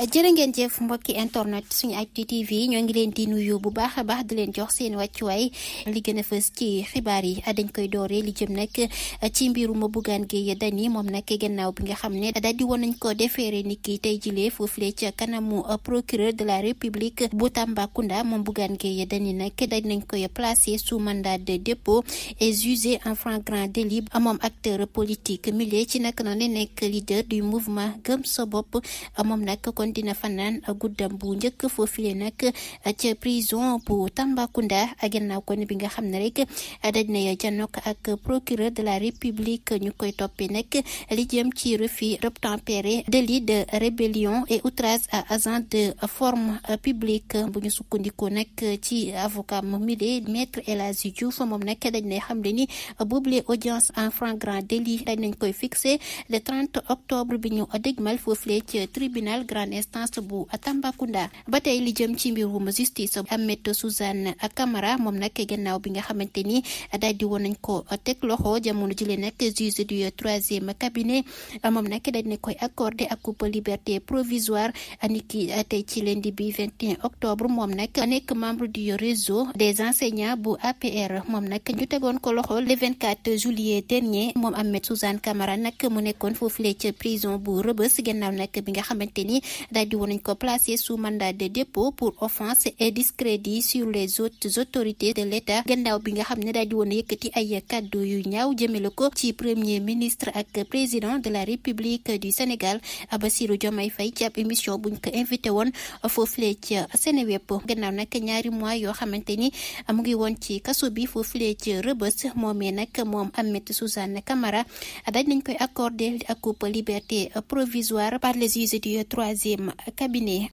jërë ngeen jëf mbokki internet suñu actu tv ñoo ngi leen di nuyu bu baax a baax di leen jox seen wàccuwaay li gën a fës ci xibaar yi dañ koy dooree li jëm nag ci mbirum Bougane Gueye Dany moom nag gannaaw bi nga xam ne daal di woon nañ ko defeere ni ki tey jilee foofule ca kanamu procureur de la république bu Tambacounda moom Bougane Gueye Dany nag dañ nañ koy placé sous mandat de dépôt et jugé en flagrant délit moom acteur politique milier ci nag noonu nekk leader du mouvement gëm sa bopp moom nag kon dina fanaan guddam bu njëkk foofule nag ca prison bu Tambacounda gannaaw kon bi nga xam ne rek daj na janook ak procureur de la république ñu koy toppe nag li ci refus d'obtempérer délit de rébellion et outrage à agent de forme publique bu ñu sukkandikoo nag ci avocat mi de maître El Hadji Diouf moom nag dañ lay xam le ni boobule audience en flagrant délit dañ nañ koy fixé le octobre bi ñu dégmal foofule ci tribunal grande instance bu Tambacounda ba tey li jëm ci mbirum justice Ahmed Suzanne Camara moom nag gannaaw bi nga xamante ni daal di woon nañ ko teg loxo jamono jëlee nag juge du troisième cabinet moom nag dañ ne koy accordé ak coupe liberté provisoire tey ci lundi bi octobre moom nag nekk membre du réseau des enseignants bu APR moom nag ñu tegoon ko loxo le 24 juillet dernier moom Ahmed Suzanne Camara nag mu nekkoon foofu la ca prison bu Rebeuss gannaaw nag bi nga xamante ni daal di woon nañ ko placé sous mandat de dépôt pour offense et discrédit sur les autorités de l'État gannaaw bi nga xam ne daal di woon yëkkati ay kàddu yu ñaaw jëmale ko ci premier ministre ak président de la République du Sénégal Bassirou Diomaye Faye ci ab émission buñ ko invité woon foofulee ci Seneweb gannaaw nag ñaari mois yoo xamante ni mu ngi woon ci kaso bi foofulee ci Rebeuss moomee nag moom Ahmed Suzanne Camara dañ nañ koy accordé ak coupe deuxième cabinet